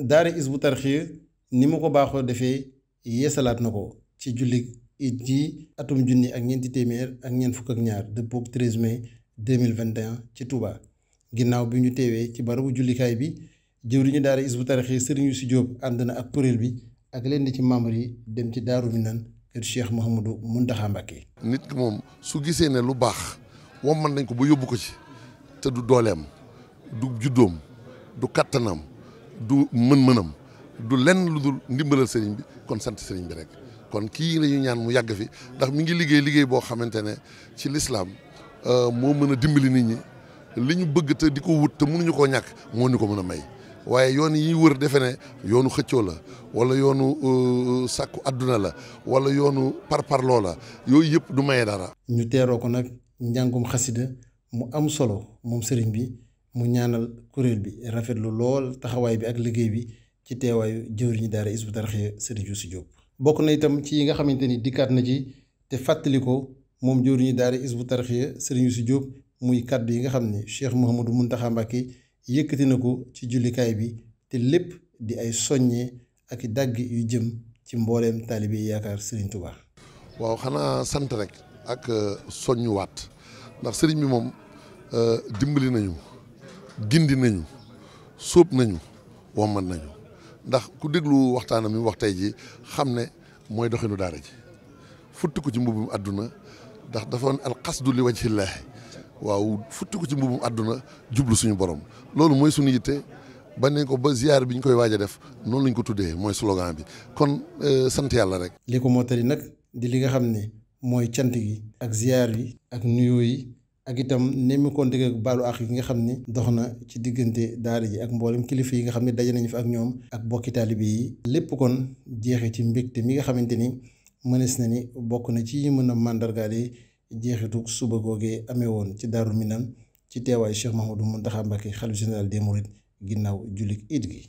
daara Hizbut Tarqiyyah ni mu ko baaxoo defee yeesalaat na ko ci julli it ji atum junni ak ñeenti téeméer ak ñeent fukk ak ñaar dëppook 13 mai 2021 ci Touba ginnaaw bi ñu teewee ci barabu jullikaay bi jëw jëwriñu daara Hizbut Tarqiyyah Serigne si jóob ànd na ak kuréel bi ak leen di ci membre yi dem ci Daaru Minaan kër Cheikh Mouhamadou Mountakha Mbacké nit ki moom su gisee ne lu baax wam man nañ ko ba yóbbu ko ci te du dooleem du juddoom du kattanam du mën-mënam du lenn lu dul ndimbalal sëriñ bi kon sant sëriñ bi rek kon kii la ñaan mu yàgg fi ndax mi ngi liggéey liggéey boo xamante ne ci lislaam euh, moo mën a dimbali nit ñi li ñu bëgg te di ko wut te mënuñu koo ñàkk moo ñu ko mën a may waaye yoon yi wër defe ne yoonu xëccoo la wala yoonu euh, sàkku àdduna la wala yoonu parparloo la yooyu yëpp du maye dara. ñu teeroo ko nag njàngum xasida mu am solo moom sëriñ bi. mu ñaanal kuréel bi rafetlu lool taxawaay bi ak liggéey bi ci teewaayu jëwriñu daara Hizbut Tarqiyyah Serigne si jóob bokk na itam ci yi nga xamante ni dikkaat na ci te fàttali ko moom jëwriñu daara Hizbut Tarqiyyah Serigne si Diop muy kàddu yi nga xam ne Cheikh Mouhamadou mun Mbacké yëkkati na ko ci jullikaay bi te lépp di ay soññee ak i dàgg yu jëm ci mbooleem taalibe yi yaakaar Serigne Touba. waaw xanaa sant rek ak soññuwaat ndax sëriñ bi moom euh, dimbali nañu. gindi nañu sóob nañu wamman nañu ndax ku déglu waxtaanam mi wax tey ji xam ne mooy doxinu daara ji futti ko ci mbubum àdduna ndax dafa woon alxasdu li wajhillaahi waaw futti ko ci mbubum àdduna jublu suñu borom loolu mooy suñu yitte ba nañ ko ba ziar bi ñu koy waaj a def noonu lañ ko tuddee mooy slogan bi kon euh, sant yàlla rek. li ko moo mottali nag di li nga xam ne mooy cant gi. ak ziar yi. ak nuyoo yi. ak itam nemmi konte ak baalu àq yi nga xam ni dox na ci diggante daara ji ak mboolem kilifa yi nga xam ne daje nañu fa ak ñoom ak bokki taalibe yi lépp kon jeexe ci mbégte mi nga xamante ni mënees na ni bokk na ci mën a màndargaale jeexitu suba googee amee woon ci Daaru Minam ci teewaayu Cheikh Mouhamadou Mountakha Mbacké xalifa général des mourides ginnaaw jullit it gi